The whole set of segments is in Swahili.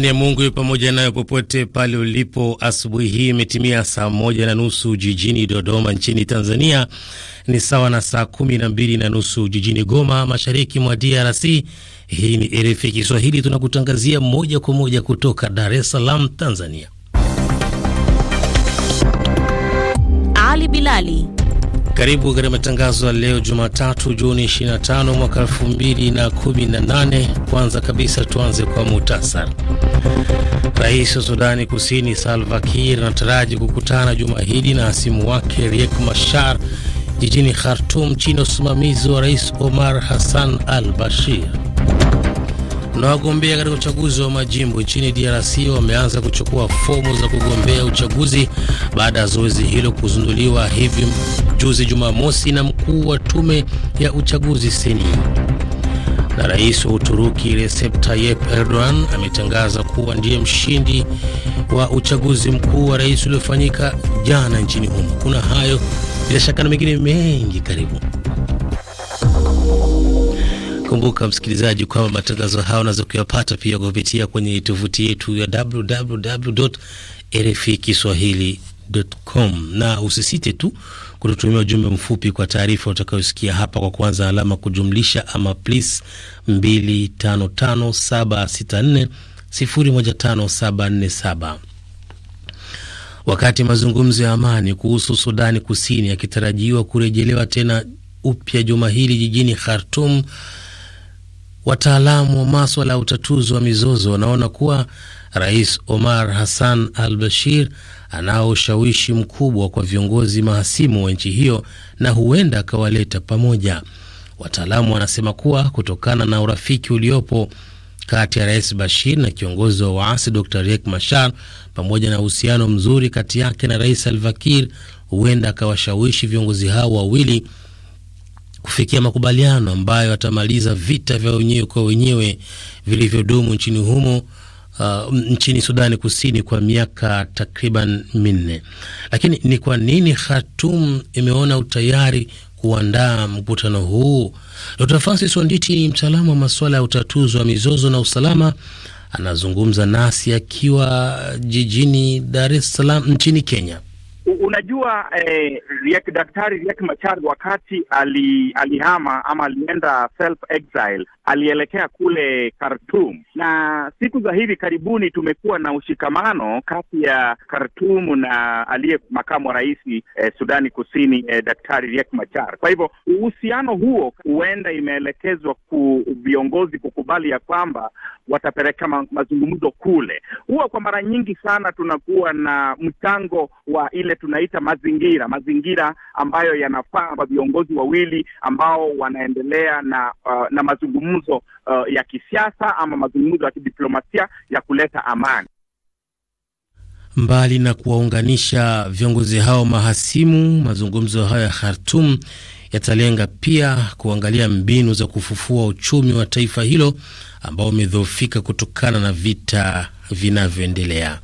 Amani ya Mungu iwe pamoja nayo popote pale ulipo. Asubuhi hii imetimia saa moja na nusu jijini Dodoma nchini Tanzania, ni sawa na saa kumi na mbili na nusu jijini Goma, mashariki mwa DRC. Hii ni RFI Kiswahili, tunakutangazia moja kwa moja kutoka Dar es Salaam, Tanzania. Ali Bilali karibu katika matangazo ya leo Jumatatu, Juni 25 mwaka 2018. Kwanza kabisa tuanze kwa muhtasar Rais wa Sudani Kusini Salva Kiir anataraji kukutana juma hili na hasimu wake Riek Machar jijini Khartoum chini ya usimamizi wa Rais Omar Hassan al Bashir. Na wagombea katika uchaguzi wa majimbo nchini DRC wameanza kuchukua fomu za kugombea uchaguzi baada ya zoezi hilo kuzinduliwa hivi juzi Jumamosi na mkuu wa tume ya uchaguzi seni na rais wa Uturuki Recep Tayyip Erdogan ametangaza kuwa ndiye mshindi wa uchaguzi mkuu wa rais uliofanyika jana nchini humo. Kuna hayo bila shaka na mengine mengi, karibu Kumbuka msikilizaji, kwamba matangazo haya unaweza kuyapata pia kupitia kwenye tovuti yetu ya www.rfikiswahili.com, na usisite tu kututumia ujumbe mfupi kwa taarifa utakayosikia hapa kwa kwanza alama kujumlisha ama plis 255764015747. Wakati mazungumzo ya amani kuhusu Sudani Kusini yakitarajiwa kurejelewa tena upya juma hili jijini Khartum, Wataalamu wa maswala ya utatuzi wa mizozo wanaona kuwa Rais Omar Hassan al Bashir anao ushawishi mkubwa kwa viongozi mahasimu wa nchi hiyo na huenda akawaleta pamoja. Wataalamu wanasema kuwa kutokana na urafiki uliopo kati ya Rais Bashir na kiongozi wa waasi Dr Riek Machar pamoja na uhusiano mzuri kati yake na Rais Alvakir, huenda akawashawishi viongozi hao wawili kufikia makubaliano ambayo atamaliza vita vya wenyewe kwa wenyewe vilivyodumu nchini humo Uh, nchini Sudani Kusini kwa miaka takriban minne. Lakini ni kwa nini Khartoum imeona utayari kuandaa mkutano huu? Dr. Francis Onditi ni mtaalamu wa masuala ya utatuzi wa mizozo na usalama, anazungumza nasi akiwa jijini Dar es Salaam nchini Kenya. Unajua eh, Riek, Daktari Riek Machar wakati ali, alihama ama alienda self exile, alielekea kule Khartoum, na siku za hivi karibuni tumekuwa na ushikamano kati ya Khartoum na aliye makamu wa rais eh, Sudani Kusini eh, Daktari Riek Machar. Kwa hivyo uhusiano huo huenda imeelekezwa ku viongozi kukubali ya kwamba watapeleka ma, mazungumzo kule. Huwa kwa mara nyingi sana tunakuwa na mchango wa ile tunaita mazingira, mazingira ambayo yanafaa kwa viongozi wawili ambao wanaendelea na uh, na mazungumzo uh, ya kisiasa ama mazungumzo ya kidiplomasia ya kuleta amani. Mbali na kuwaunganisha viongozi hao mahasimu, mazungumzo hayo ya khartum yatalenga pia kuangalia mbinu za kufufua uchumi wa taifa hilo ambao umedhoofika kutokana na vita vinavyoendelea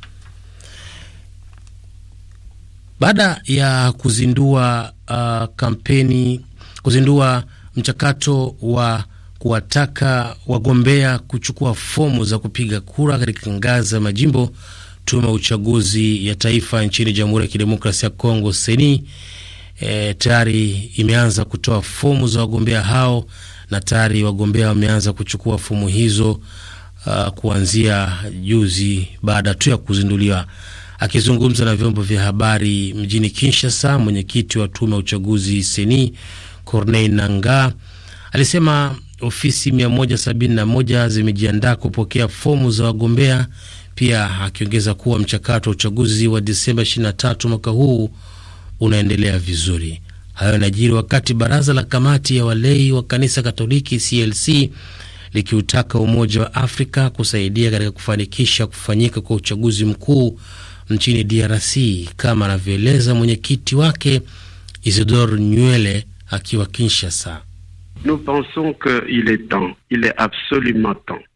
baada ya kuzindua uh, kampeni kuzindua mchakato wa kuwataka wagombea kuchukua fomu za kupiga kura katika ngazi za majimbo. Tume ya uchaguzi ya taifa nchini Jamhuri ya Kidemokrasia ya Kongo seni e, tayari imeanza kutoa fomu za wagombea hao na tayari wagombea wameanza kuchukua fomu hizo uh, kuanzia juzi baada tu ya kuzinduliwa Akizungumza na vyombo vya habari mjini Kinshasa, mwenyekiti wa tume ya uchaguzi seni Corneille Nangaa alisema ofisi 171 zimejiandaa kupokea fomu za wagombea, pia akiongeza kuwa mchakato wa uchaguzi wa Disemba 23 mwaka huu unaendelea vizuri. Hayo yanajiri wakati baraza la kamati ya walei wa kanisa Katoliki CLC likiutaka Umoja wa Afrika kusaidia katika kufanikisha kufanyika kwa uchaguzi mkuu nchini DRC kama anavyoeleza mwenyekiti wake isidor Nywele akiwa Kinshasa.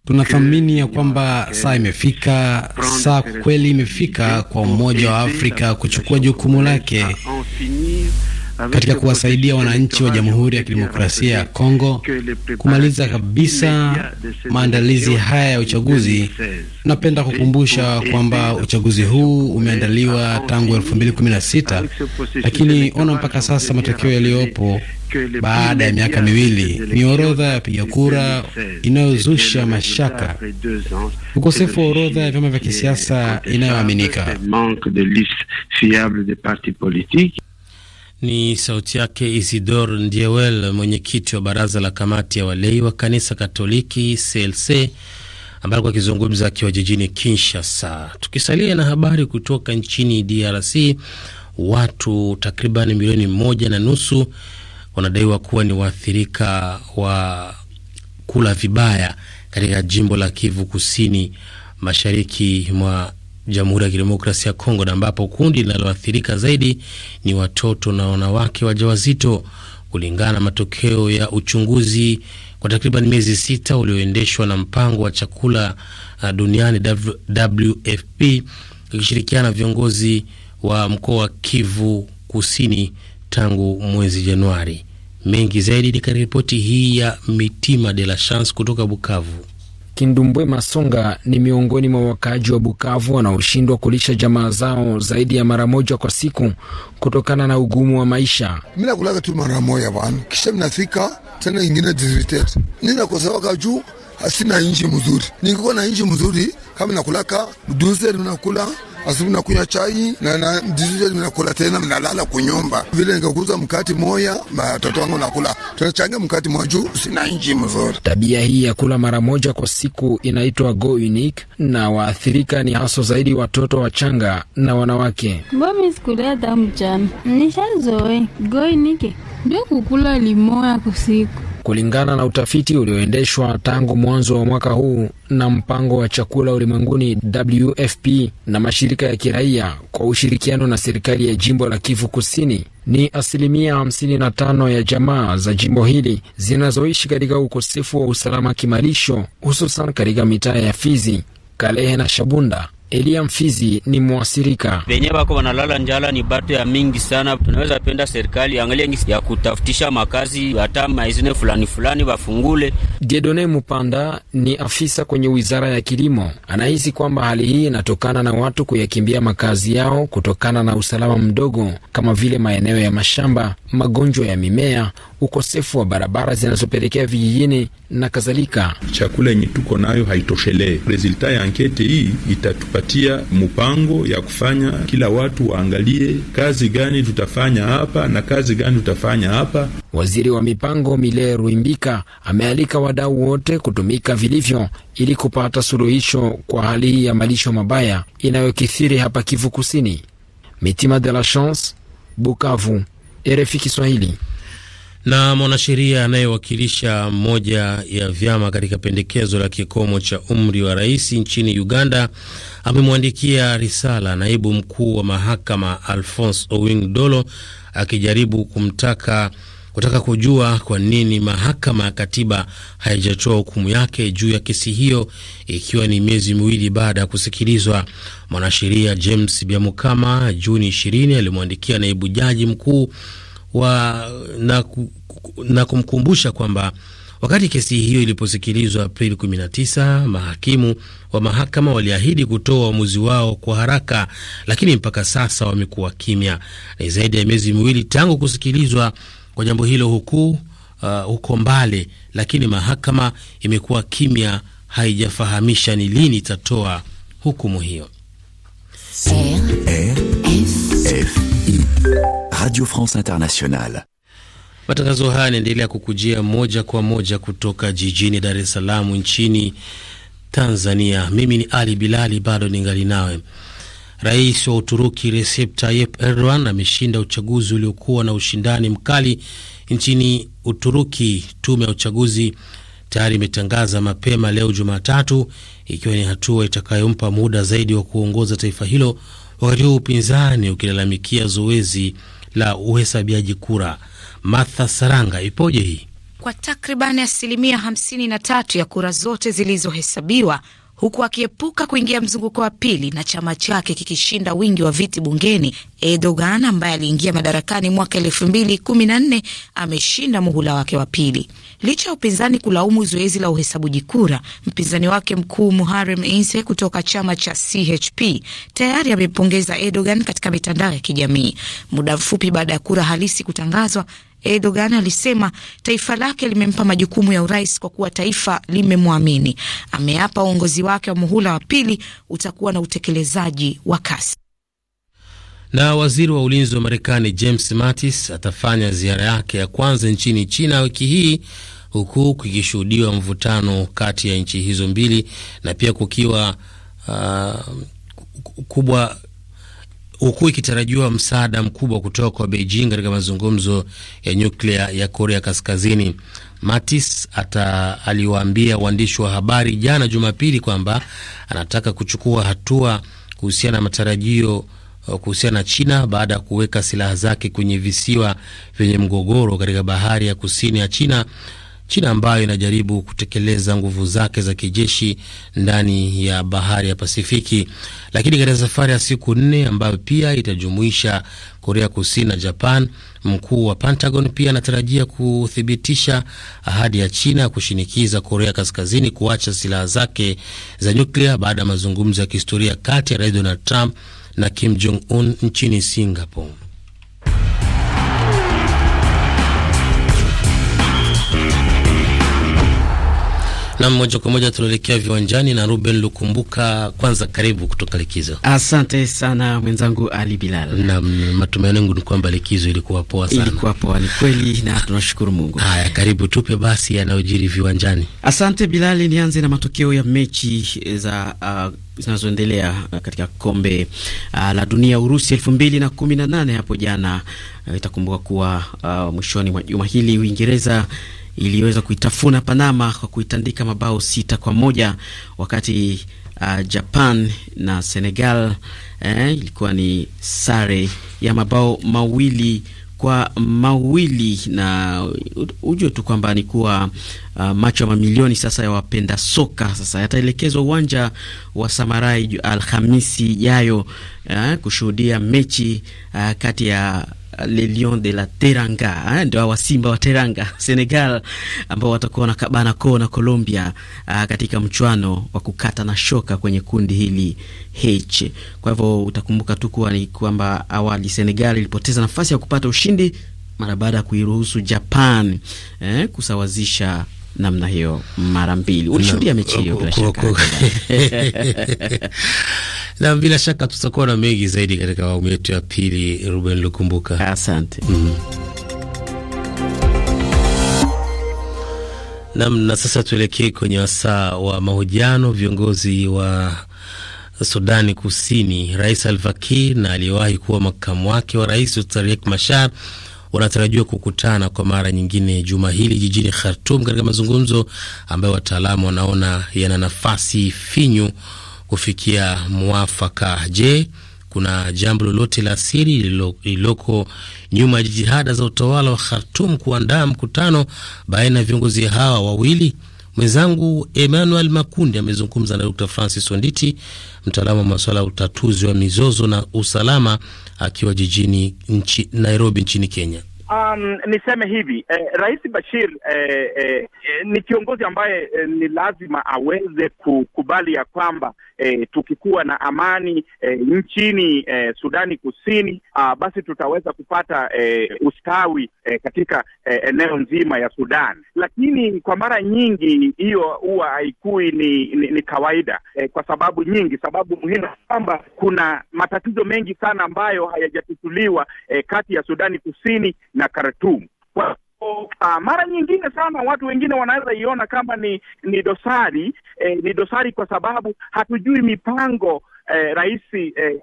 Tunathamini ya kwamba saa imefika, saa kweli imefika kwa Umoja wa Afrika kuchukua jukumu lake katika kuwasaidia wananchi wa Jamhuri ya Kidemokrasia ya Kongo kumaliza kabisa maandalizi haya ya uchaguzi. Napenda kukumbusha kwamba uchaguzi huu umeandaliwa tangu 2016 lakini ona mpaka sasa matokeo yaliyopo baada ya miaka miwili ni orodha ya piga kura inayozusha mashaka, ukosefu wa orodha ya vyama vya kisiasa inayoaminika. Ni sauti yake Isidor Ndiewel, mwenyekiti wa baraza la kamati ya walei wa kanisa Katoliki CLC, ambako akizungumza akiwa jijini Kinshasa. Tukisalia na habari kutoka nchini DRC, watu takriban milioni moja na nusu wanadaiwa kuwa ni waathirika wa kula vibaya katika jimbo la Kivu Kusini, mashariki mwa Jamhuri ya Kidemokrasia ya Kongo, na ambapo kundi linaloathirika zaidi ni watoto na wanawake wajawazito, kulingana na matokeo ya uchunguzi kwa takriban miezi sita ulioendeshwa na mpango wa chakula uh, duniani WFP ikishirikiana na viongozi wa mkoa wa Kivu Kusini tangu mwezi Januari. Mengi zaidi ni katika ripoti hii ya Mitima de la Chance kutoka Bukavu. Kindumbwe Masonga ni miongoni mwa wakaaji wa Bukavu wanaoshindwa kulisha jamaa zao zaidi ya mara moja kwa siku kutokana na ugumu wa maisha. Mi nakulaga tu mara moja bwana, kisha mnafika tena ingine ninakosawaka juu hasina inji mzuri. Ningekuwa na inji mzuri kama nakulaka duze asubuhi nakunywa chai na na nakula tena, nalala kunyumba vile. Nikakuza mkati moya watoto wangu nakula tunachanga mkati moja juu sina nji mzuri. Tabia hii ya kula mara moja kwa siku inaitwa go unique, na waathirika ni haso zaidi watoto wachanga na wanawake. Mimi sikulea tamu jana, nishazoe go unique ndio kukula limoya kwa siku kulingana na utafiti ulioendeshwa tangu mwanzo wa mwaka huu na mpango wa chakula ulimwenguni WFP na mashirika ya kiraia kwa ushirikiano na serikali ya jimbo la Kivu Kusini, ni asilimia 55 ya jamaa za jimbo hili zinazoishi katika ukosefu wa usalama kimalisho, hususan katika mitaa ya Fizi, Kalehe na Shabunda. Elia Mfizi ni mwasirika. Venye wako wanalala njala ni bato ya mingi sana, tunaweza penda serikali angalia ngisi ya kutafutisha makazi hata maizine fulani fulani wafungule. Jedone Mupanda ni afisa kwenye wizara ya kilimo, anahisi kwamba hali hii inatokana na watu kuyakimbia makazi yao kutokana na usalama mdogo, kama vile maeneo ya mashamba, magonjwa ya mimea ukosefu wa barabara zinazopelekea vijijini na kadhalika. Chakula yenye tuko nayo haitoshelee. Resulta ya ankete hii itatupatia mpango ya kufanya, kila watu waangalie kazi gani tutafanya hapa na kazi gani tutafanya hapa. Waziri wa mipango Mile Ruimbika amealika wadau wote kutumika vilivyo ili kupata suluhisho kwa hali hii ya malisho mabaya inayokithiri hapa Kivu Kusini. Mitima de la Chance, Bukavu, RFI Kiswahili. Na mwanasheria anayewakilisha moja ya vyama katika pendekezo la kikomo cha umri wa rais nchini Uganda amemwandikia risala naibu mkuu wa mahakama Alphonse Owing Dolo akijaribu kumtaka kutaka kujua kwa nini mahakama ya katiba haijatoa hukumu yake juu ya kesi hiyo ikiwa ni miezi miwili baada ya kusikilizwa. Mwanasheria James Biamukama Juni 20 alimwandikia naibu jaji mkuu wa na na kumkumbusha kwamba wakati kesi hiyo iliposikilizwa Aprili 19 mahakimu wa mahakama waliahidi kutoa uamuzi wao kwa haraka, lakini mpaka sasa wamekuwa kimya. Ni zaidi ya miezi miwili tangu kusikilizwa kwa jambo hilo huku uh, huko Mbale, lakini mahakama imekuwa kimya, haijafahamisha ni lini itatoa hukumu hiyo. Radio France Internationale Matangazo haya yanaendelea kukujia moja kwa moja kutoka jijini Dar es Salaam nchini Tanzania. Mimi ni Ali Bilali, bado ningali nawe. Rais wa Uturuki Recep Tayyip Erdogan ameshinda uchaguzi uliokuwa na ushindani mkali nchini Uturuki. Tume ya uchaguzi tayari imetangaza mapema leo Jumatatu, ikiwa ni hatua itakayompa muda zaidi wa kuongoza taifa hilo, wakati huu upinzani ukilalamikia zoezi la uhesabiaji kura. Martha Saranga, ipoje hii? Kwa takriban asilimia 53 ya kura zote zilizohesabiwa huku akiepuka kuingia mzunguko wa pili na chama chake kikishinda wingi wa viti bungeni, Erdogan ambaye aliingia madarakani mwaka elfu mbili kumi na nne ameshinda muhula wake wa pili. Licha ya upinzani kulaumu zoezi la uhesabuji kura, mpinzani wake mkuu Muharrem Ince kutoka chama cha CHP tayari amepongeza Erdogan katika mitandao ya kijamii. Muda mfupi baada ya kura halisi kutangazwa, Erdogan alisema taifa lake limempa majukumu ya urais kwa kuwa taifa limemwamini. Ameapa uongozi wake wa muhula wa pili utakuwa na utekelezaji wa kasi. Na waziri wa ulinzi wa Marekani James Mattis atafanya ziara yake ya kwanza nchini China wiki hii huku kikishuhudiwa mvutano kati ya nchi hizo mbili na pia kukiwa uh, kubwa huku ikitarajiwa msaada mkubwa kutoka kwa Beijing katika mazungumzo ya nyuklia ya Korea Kaskazini. Matis ata aliwaambia waandishi wa habari jana Jumapili kwamba anataka kuchukua hatua kuhusiana na matarajio uh, kuhusiana na China baada ya kuweka silaha zake kwenye visiwa vyenye mgogoro katika bahari ya kusini ya China China ambayo inajaribu kutekeleza nguvu zake za kijeshi ndani ya bahari ya Pasifiki, lakini katika safari ya siku nne ambayo pia itajumuisha Korea Kusini na Japan, mkuu wa Pentagon pia anatarajia kuthibitisha ahadi ya China ya kushinikiza Korea Kaskazini kuacha silaha zake za nyuklia baada ya mazungumzo ya kihistoria kati ya Rais Donald Trump na Kim Jong Un nchini Singapore. Na moja kwa moja tunaelekea viwanjani na Ruben Lukumbuka. Kwanza karibu kutoka likizo. Asante sana mwenzangu Ali Bilal. Na matumaini yangu ni kwamba likizo ilikuwa poa sana. Ilikuwa poa ni kweli na tunashukuru Mungu. Haya, karibu tupe basi yanayojiri viwanjani. Asante Bilal, nianze na matokeo ya mechi za uh, zinazoendelea katika kombe uh, la dunia Urusi 2018 hapo jana. Uh, itakumbuka kuwa uh, mwishoni mwa juma hili Uingereza iliweza kuitafuna Panama kwa kuitandika mabao sita kwa moja wakati uh, Japan na Senegal eh, ilikuwa ni sare ya mabao mawili kwa mawili na ujue tu kwamba ni kuwa uh, macho ya mamilioni sasa ya wapenda soka sasa yataelekezwa uwanja wa Samarai Alhamisi yayo uh, kushuhudia mechi uh, kati ya les Lions de la Teranga, eh, ndio wa Simba wa Teranga Senegal, ambao watakuwa na kabana koo na Colombia uh, katika mchuano wa kukata na shoka kwenye kundi hili H. Kwa hivyo utakumbuka tu kuwa ni kwamba awali Senegal ilipoteza nafasi ya kupata ushindi mara baada ya kuiruhusu Japan eh, kusawazisha namna hiyo mara mbili. Ulishuhudia mechi hiyo bila shaka na bila shaka tutakuwa na mengi zaidi katika awamu yetu ya pili. Ruben Lukumbuka, asante. mm -hmm. Nam, na sasa tuelekee kwenye wasaa wa mahojiano. Viongozi wa Sudani Kusini, Rais Salva Kiir na aliyewahi kuwa makamu wake wa rais Riek Machar wanatarajiwa kukutana kwa mara nyingine juma hili jijini khartum katika mazungumzo ambayo wataalamu wanaona yana nafasi finyu kufikia mwafaka. Je, kuna jambo lolote la siri lililoko nyuma ya jitihada za utawala wa Khartum kuandaa mkutano baina ya viongozi hawa wawili? Mwenzangu Emmanuel Makundi amezungumza na Dr Francis Onditi, mtaalamu wa masuala ya utatuzi wa mizozo na usalama, akiwa jijini nchi Nairobi nchini Kenya. Um, niseme hivi eh, Rais Bashir eh, eh, eh, ni kiongozi ambaye eh, ni lazima aweze kukubali ya kwamba eh, tukikuwa na amani eh, nchini eh, Sudani Kusini ah, basi tutaweza kupata eh, ustawi eh, katika eh, eneo nzima ya Sudan, lakini kwa mara nyingi hiyo huwa haikui ni, ni, ni kawaida eh, kwa sababu nyingi. Sababu muhimu kwamba kuna matatizo mengi sana ambayo hayajatutuliwa eh, kati ya Sudani Kusini na Khartoum. Kwa Uh, mara nyingine sana watu wengine wanaweza iona kama ni ni dosari eh, ni dosari kwa sababu hatujui mipango eh, rais eh,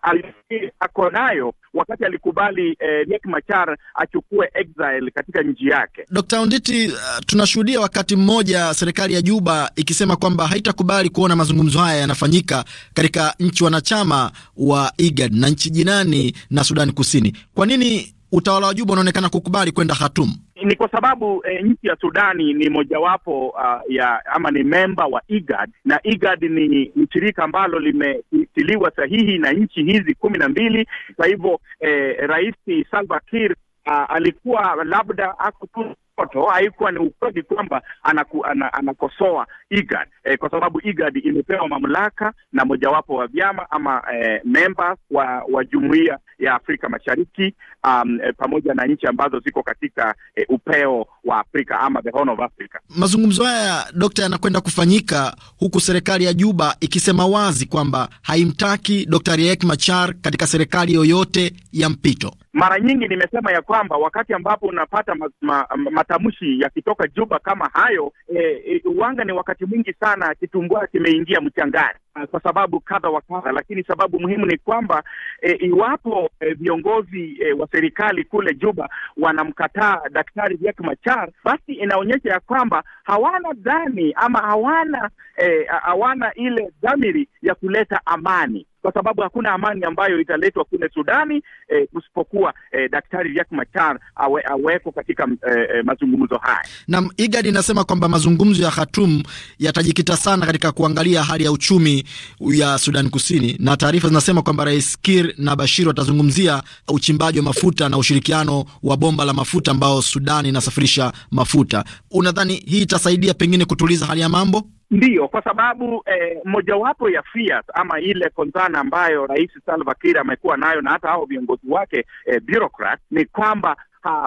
ako nayo wakati alikubali eh, Machar achukue exile katika nchi yake. Dr. Onditi, uh, tunashuhudia wakati mmoja serikali ya Juba ikisema kwamba haitakubali kuona mazungumzo haya yanafanyika katika nchi wanachama wa IGAD na nchi jirani na Sudani Kusini. Kwa nini utawala wa Juba unaonekana kukubali kwenda Khartoum? Ni kwa sababu e, nchi ya Sudani ni mojawapo uh, ya ama ni memba wa IGAD na IGAD ni, mshirika shirika ambalo limetiliwa sahihi na nchi hizi kumi na mbili. Kwa hivyo e, Rais Salva Kiir uh, alikuwa labda ako tu poto haikuwa ni ukweli kwamba anaku, ana, anakosoa IGAD eh, kwa sababu IGAD imepewa mamlaka na mojawapo wa vyama ama eh, memba wa, wa jumuiya ya Afrika Mashariki um, eh, pamoja na nchi ambazo ziko katika eh, upeo wa Afrika ama the Horn of Africa. Mazungumzo haya Dokta, yanakwenda kufanyika huku serikali ya Juba ikisema wazi kwamba haimtaki d Riek Machar katika serikali yoyote ya mpito. Mara nyingi nimesema ya kwamba wakati ambapo unapata ma, ma, ma, matamshi yakitoka Juba kama hayo e, eh, e, eh, wanga ni wakati mwingi sana kitumbua kimeingia mchangani kwa sababu kadha wa kadha, lakini sababu muhimu ni kwamba e, iwapo e, viongozi e, wa serikali kule Juba wanamkataa Daktari Riek Machar, basi inaonyesha ya kwamba hawana dhani ama hawana e, hawana ile dhamiri ya kuleta amani kwa sababu hakuna amani ambayo italetwa kule Sudani eh, usipokuwa eh, Daktari Riek Machar awe, aweko katika eh, eh, mazungumzo haya. Naam, IGAD inasema kwamba mazungumzo ya Khartoum yatajikita sana katika kuangalia hali ya uchumi ya Sudan Kusini, na taarifa zinasema kwamba Rais Kir na Bashir watazungumzia uchimbaji wa mafuta na ushirikiano wa bomba la mafuta ambao Sudan inasafirisha mafuta. Unadhani hii itasaidia pengine kutuliza hali ya mambo? Ndiyo, kwa sababu eh, mojawapo ya fiat ama ile konzana ambayo Rais Salva Kiir amekuwa nayo na hata hao viongozi wake eh, bureaucrat ni kwamba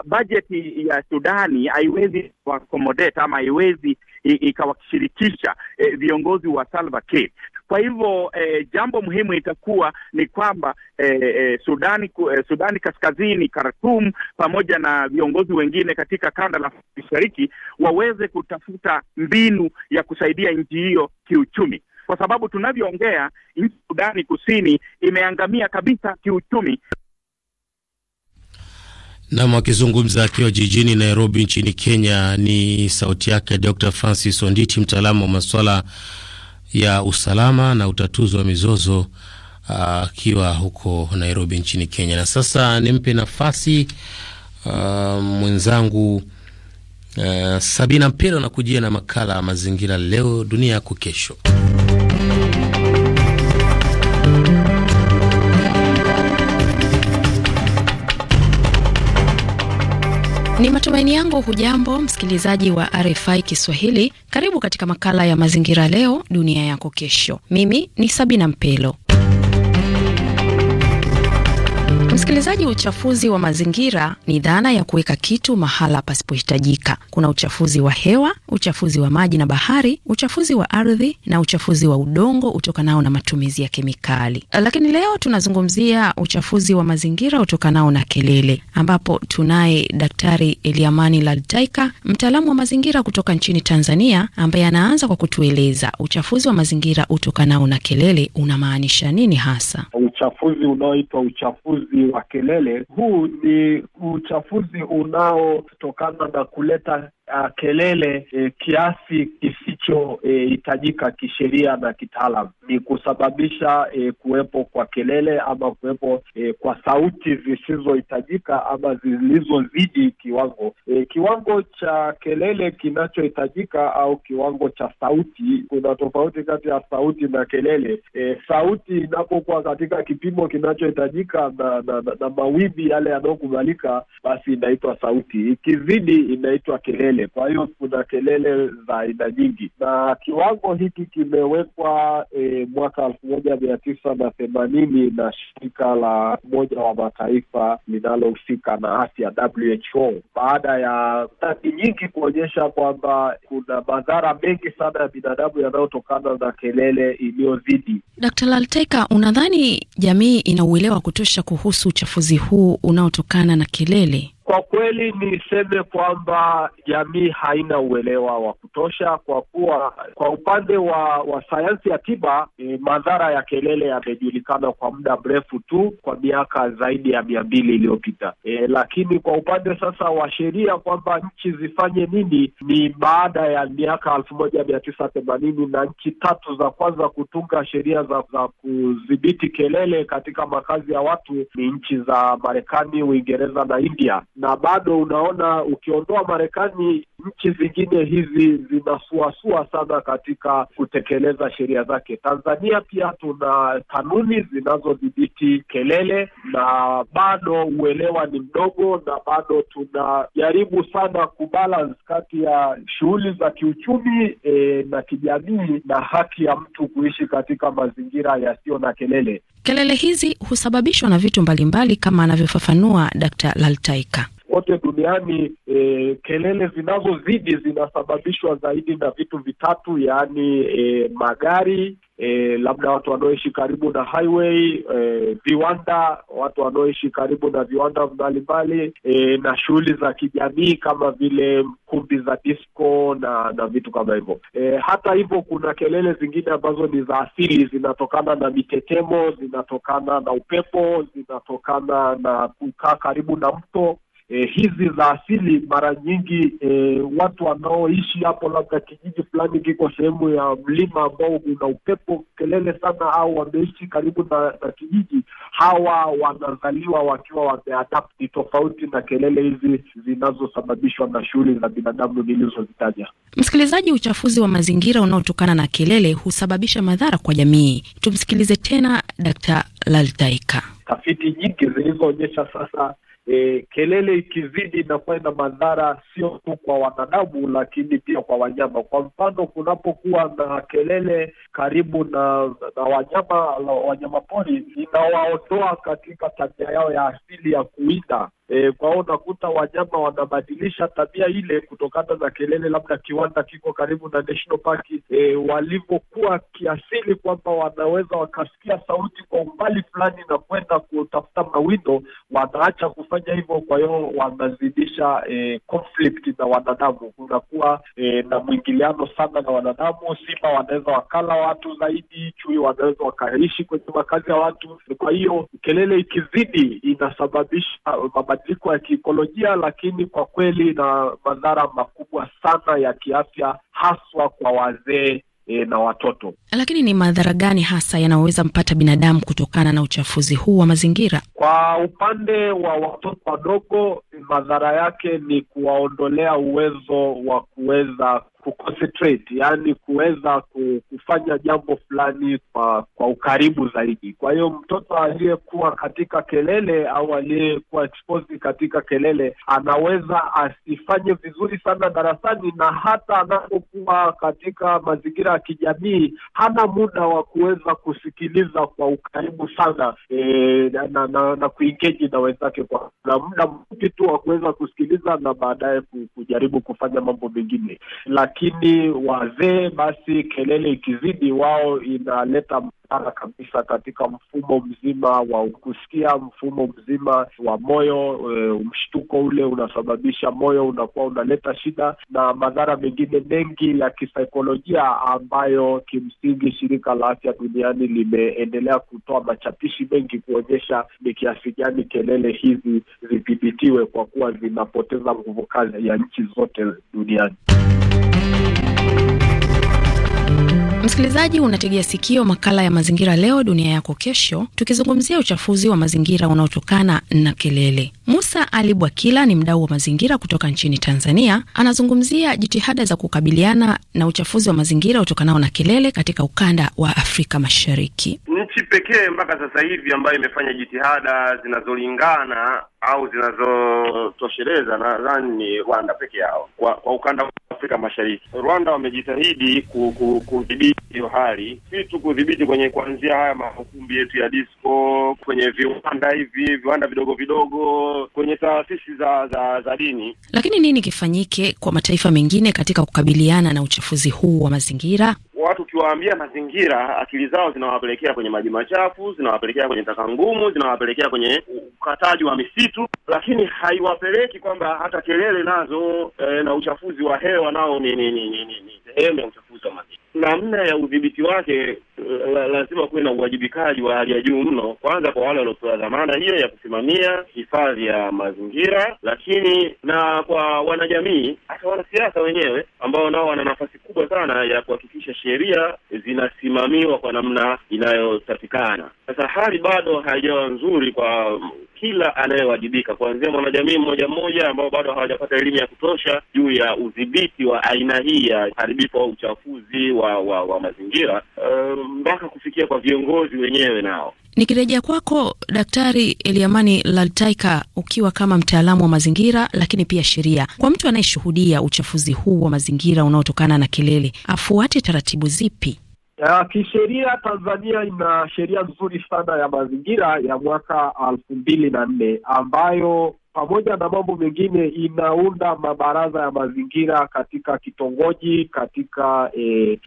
bajeti ya Sudani haiwezi accommodate ama haiwezi ikawashirikisha eh, viongozi wa Salva Kiir. Kwa hivyo eh, jambo muhimu itakuwa ni kwamba eh, eh, Sudani, eh, Sudani Kaskazini, Khartoum pamoja na viongozi wengine katika kanda la Mashariki waweze kutafuta mbinu ya kusaidia nchi hiyo kiuchumi kwa sababu tunavyoongea nchi Sudani Kusini imeangamia kabisa kiuchumi. Nam akizungumza akiwa jijini Nairobi nchini Kenya. Ni sauti yake Dr Francis Onditi, mtaalamu wa maswala ya usalama na utatuzi wa mizozo ah, akiwa uh, huko Nairobi nchini Kenya. Na sasa nimpe nafasi uh, mwenzangu uh, Sabina Mpelo anakujia na makala ya mazingira leo dunia yako kesho. Ni matumaini yangu hujambo msikilizaji wa RFI Kiswahili. Karibu katika makala ya mazingira leo dunia yako kesho. Mimi ni Sabina Mpelo. Msikilizaji, uchafuzi wa mazingira ni dhana ya kuweka kitu mahala pasipohitajika. Kuna uchafuzi wa hewa, uchafuzi wa maji na bahari, uchafuzi wa ardhi na uchafuzi wa udongo utokanao na matumizi ya kemikali. Lakini leo tunazungumzia uchafuzi wa mazingira utokanao na kelele, ambapo tunaye Daktari Eliamani Ladtaika, mtaalamu wa mazingira kutoka nchini Tanzania, ambaye anaanza kwa kutueleza uchafuzi wa mazingira utokanao na kelele unamaanisha nini hasa. Uchafuzi unaoitwa uchafuzi wa kelele. Huu ni uchafuzi unaotokana na kuleta uh, kelele eh, kiasi kisichohitajika eh, kisheria na kitaalam. Ni kusababisha eh, kuwepo kwa kelele ama kuwepo eh, kwa sauti zisizohitajika ama zilizozidi kiwango eh, kiwango cha kelele kinachohitajika au kiwango cha sauti. Kuna tofauti kati ya sauti na kelele. Eh, sauti inapokuwa katika kipimo kinachohitajika na, na, na, na mawimbi yale yanayokubalika, basi inaitwa sauti, ikizidi inaitwa kelele kelele. Kwa hiyo kuna kelele za aina nyingi, na kiwango hiki kimewekwa e, mwaka elfu moja mia tisa na themanini na shirika la Umoja wa Mataifa linalohusika na afya WHO, baada ya tati nyingi kuonyesha kwamba kuna madhara mengi sana ya binadamu yanayotokana na kelele iliyozidi. Dkt. Lalteka, unadhani jamii inauelewa kutosha kuhusu uchafuzi huu unaotokana na kelele? Kwa kweli niseme kwamba jamii haina uelewa wa kutosha, kwa kuwa kwa upande wa, wa sayansi ya tiba e, madhara ya kelele yamejulikana kwa muda mrefu tu kwa miaka zaidi ya mia mbili iliyopita. E, lakini kwa upande sasa wa sheria kwamba nchi zifanye nini ni baada ya miaka elfu moja mia tisa themanini na nchi tatu za kwanza kutunga sheria za, za kudhibiti kelele katika makazi ya watu ni nchi za Marekani, Uingereza na India na bado unaona ukiondoa Marekani nchi zingine hizi zinasuasua sana katika kutekeleza sheria zake. Tanzania pia tuna kanuni zinazodhibiti kelele, na bado uelewa ni mdogo, na bado tunajaribu sana kubalance kati ya shughuli za kiuchumi e, na kijamii na haki ya mtu kuishi katika mazingira yasiyo na kelele. Kelele hizi husababishwa na vitu mbalimbali mbali, kama anavyofafanua Dkt. Laltaika kote duniani e, kelele zinazozidi zinasababishwa zaidi na vitu vitatu, yaani e, magari E, labda watu wanaoishi karibu na highway e, viwanda, watu wanaoishi karibu na viwanda mbalimbali e, na shughuli za kijamii kama vile kumbi za disco na na vitu kama hivyo e, hata hivyo kuna kelele zingine ambazo ni za asili, zinatokana na mitetemo, zinatokana na upepo, zinatokana na kukaa karibu na mto e, hizi za asili mara nyingi e, watu wanaoishi hapo, labda kijiji fulani kiko sehemu ya mlima ambao una upepo kelele sana, au wameishi karibu na, na kijiji, hawa wanazaliwa wakiwa wameadapti tofauti na kelele hizi zinazosababishwa na shughuli za binadamu nilizozitaja. Msikilizaji, uchafuzi wa mazingira unaotokana na kelele husababisha madhara kwa jamii. Tumsikilize tena Dkt. Laltaika. Tafiti nyingi zilizoonyesha sasa e, kelele ikizidi inakuwa ina madhara sio tu kwa wanadamu, lakini pia kwa wanyama. Kwa mfano, kunapokuwa na kelele karibu na, na wanyama wanyama pori, inawaondoa katika tabia yao ya asili ya kuwinda E, kwa hiyo unakuta wanyama wanabadilisha tabia ile kutokana na kelele, labda kiwanda kiko karibu na national park e, walivyokuwa kiasili kwamba wanaweza wakasikia sauti kwa umbali fulani na kwenda kutafuta mawindo, wanaacha kufanya hivyo. Kwa hiyo wanazidisha e, conflict na wanadamu, kunakuwa e, na mwingiliano sana na wanadamu. Simba wanaweza wakala watu zaidi, chui wanaweza wakaishi kwenye makazi ya watu. Kwa hiyo kelele ikizidi inasababisha mabadiliko ya kiikolojia, lakini kwa kweli na madhara makubwa sana ya kiafya, haswa kwa wazee e, na watoto. Lakini ni madhara gani hasa yanayoweza mpata binadamu kutokana na uchafuzi huu wa mazingira? Kwa upande wa watoto wadogo, madhara yake ni kuwaondolea uwezo wa kuweza kuconcentrate, yaani kuweza kufanya jambo fulani kwa kwa ukaribu zaidi. Kwa hiyo mtoto aliyekuwa katika kelele au aliyekuwa exposed katika kelele anaweza asifanye vizuri sana darasani, na hata anapokuwa katika mazingira ya kijamii hana muda wa kuweza kusikiliza kwa ukaribu sana e, na, na, na, na kuingeji na wenzake kwa na muda mfupi tu wa kuweza kusikiliza na baadaye kujaribu kufanya mambo mengine lakini wazee basi kelele ikizidi, wao inaleta sana kabisa katika mfumo mzima wa kusikia, mfumo mzima wa moyo. E, mshtuko ule unasababisha moyo unakuwa unaleta shida na madhara mengine mengi ya kisaikolojia ambayo kimsingi shirika la afya duniani limeendelea kutoa machapishi mengi kuonyesha ni kiasi gani kelele hizi zidhibitiwe, kwa kuwa zinapoteza nguvu kazi ya nchi zote duniani. Msikilizaji, unategea sikio makala ya mazingira leo dunia yako kesho, tukizungumzia uchafuzi wa mazingira unaotokana na kelele. Musa Ali Bwakila ni mdau wa mazingira kutoka nchini Tanzania. Anazungumzia jitihada za kukabiliana na uchafuzi wa mazingira utokanao na kelele katika ukanda wa Afrika Mashariki nchi pekee mpaka sasa hivi ambayo imefanya jitihada zinazolingana au zinazotosheleza nadhani ni Rwanda peke yao kwa, kwa ukanda wa Afrika Mashariki. Rwanda wamejitahidi kudhibiti hiyo hali, si tu kudhibiti kwenye kuanzia haya makumbi yetu ya disco, kwenye viwanda hivi viwanda vidogo vidogo, kwenye taasisi za, za za dini. Lakini nini kifanyike kwa mataifa mengine katika kukabiliana na uchafuzi huu wa mazingira? Watu ukiwaambia mazingira, akili zao zinawapelekea kwenye maji machafu, zinawapelekea kwenye taka ngumu, zinawapelekea kwenye ukataji wa misitu, lakini haiwapeleki kwamba hata kelele nazo e, na uchafuzi wa hewa nao ni sehemu ya uchafuzi wa mazingira. Namna ya udhibiti wake lazima kuwe na uwajibikaji wa hali ya juu mno, kwanza kwa wale waliopewa dhamana hiyo ya kusimamia hifadhi ya mazingira, lakini na kwa wanajamii, hata wanasiasa wenyewe ambao nao wana nafasi kubwa sana ya kuhakikisha sheria zinasimamiwa kwa namna inayotakikana. Sasa hali bado haijawa nzuri kwa kila anayewajibika kuanzia mwanajamii mmoja mmoja ambao bado hawajapata elimu ya kutosha juu ya udhibiti wa aina hii ya uharibifu au uchafuzi wa, wa, wa mazingira eh, mpaka um, kufikia kwa viongozi wenyewe nao. Nikirejea kwako Daktari Eliamani Laltaika, ukiwa kama mtaalamu wa mazingira lakini pia sheria, kwa mtu anayeshuhudia uchafuzi huu wa mazingira unaotokana na kelele, afuate taratibu zipi? Uh, kisheria Tanzania ina sheria nzuri sana ya mazingira ya mwaka elfu mbili na nne ambayo pamoja na mambo mengine inaunda mabaraza ya mazingira katika kitongoji, katika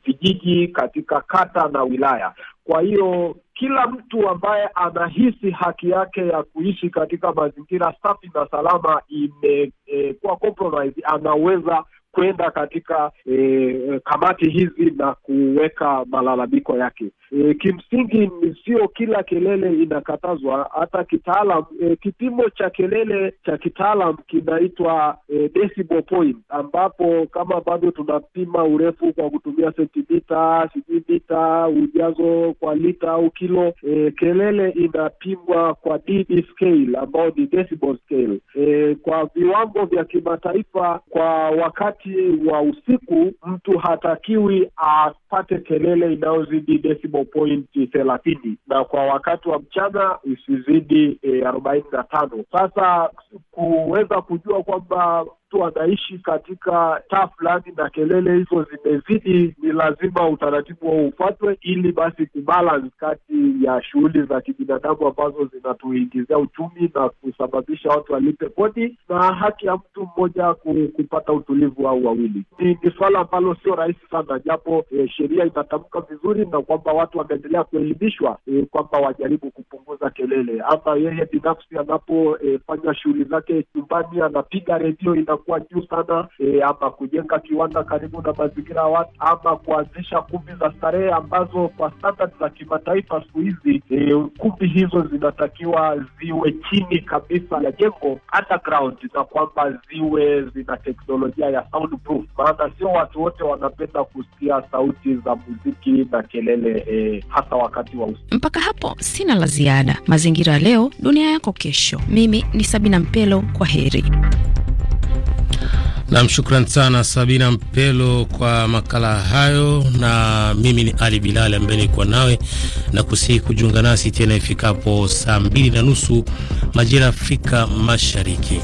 vijiji, eh, katika kata na wilaya. Kwa hiyo kila mtu ambaye anahisi haki yake ya kuishi katika mazingira safi na salama imekuwa eh, compromise, anaweza kwenda katika e, kamati hizi na kuweka malalamiko yake. E, kimsingi sio kila kelele inakatazwa. Hata kitaalam e, kipimo cha kelele cha kitaalam kinaitwa e, decibel point, ambapo kama bado tunapima urefu kwa kutumia sentimita, sijui mita, ujazo kwa lita au kilo e, kelele inapimwa kwa dB scale ambao ni decibel scale. E, kwa viwango vya kimataifa, kwa wakati wa usiku mtu hatakiwi apate kelele inayozidi decibel pointi thelathini na kwa wakati wa mchana isizidi eh, arobaini na tano. Sasa kuweza kujua kwamba watu wanaishi katika taa fulani na kelele hizo zimezidi, ni lazima utaratibu wao ufatwe ili basi kubalance kati ya shughuli za kibinadamu ambazo zinatuingizia uchumi na kusababisha watu walipe kodi na haki ya mtu mmoja kupata utulivu au wawili. Ni, ni suala ambalo sio rahisi sana, japo e, sheria inatamka vizuri na kwamba watu wanaendelea kuelimishwa e, kwamba wajaribu kupunguza kelele, ama yeye binafsi anapofanya e, shughuli zake nyumbani, anapiga redio ina kuwa juu sana e, ama kujenga kiwanda karibu na mazingira ya watu ama kuanzisha kumbi za starehe ambazo kwa standard za kimataifa siku hizi e, kumbi hizo zinatakiwa ziwe chini kabisa ya jengo underground, na kwamba ziwe zina teknolojia ya soundproof, maana sio watu wote wanapenda kusikia sauti za muziki na kelele e, hasa wakati wa usiku. Mpaka hapo sina la ziada. Mazingira leo, dunia yako kesho. Mimi ni Sabina Mpelo, kwa heri. Nam, shukran sana Sabina Mpelo kwa makala hayo, na mimi ni Ali Bilali ambaye nilikuwa nawe na kusihi kujiunga nasi tena ifikapo saa mbili na nusu majira Afrika Mashariki.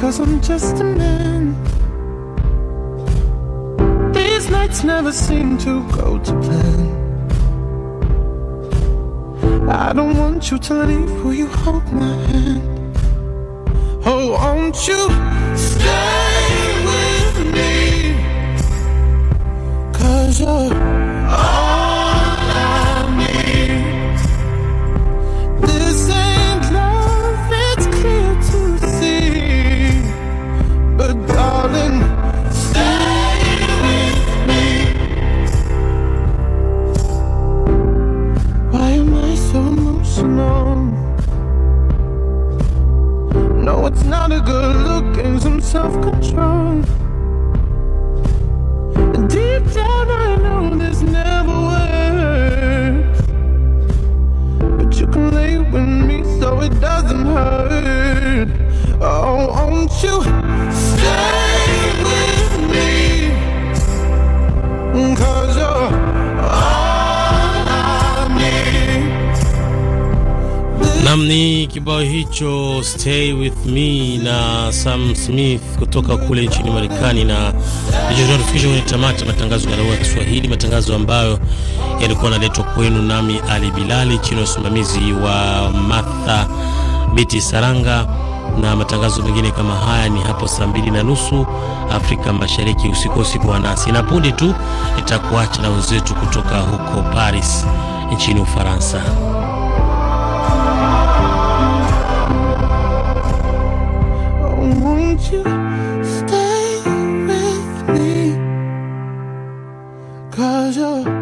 cause I'm just a man. These nights never seem to go to plan. I don't want you to leave, will you hold my hand? Oh, won't you stay with me? Cause you're got a good look and some self-control Deep down I know this never works But you can lay with me so it doesn't hurt Oh, won't you Nam ni kibao hicho Stay With Me na Sam Smith kutoka kule nchini Marekani, na ndicho tunatufikisha kwenye tamati matangazo ya leo ya Kiswahili, matangazo ambayo yalikuwa yanaletwa kwenu nami Ali Bilali chini ya usimamizi wa Martha Biti Saranga, na matangazo mengine kama haya ni hapo saa mbili na nusu Afrika Mashariki. Usikosi kuwa nasi, na punde tu nitakuacha na wenzetu kutoka huko Paris nchini Ufaransa. you stay with me? Cause you're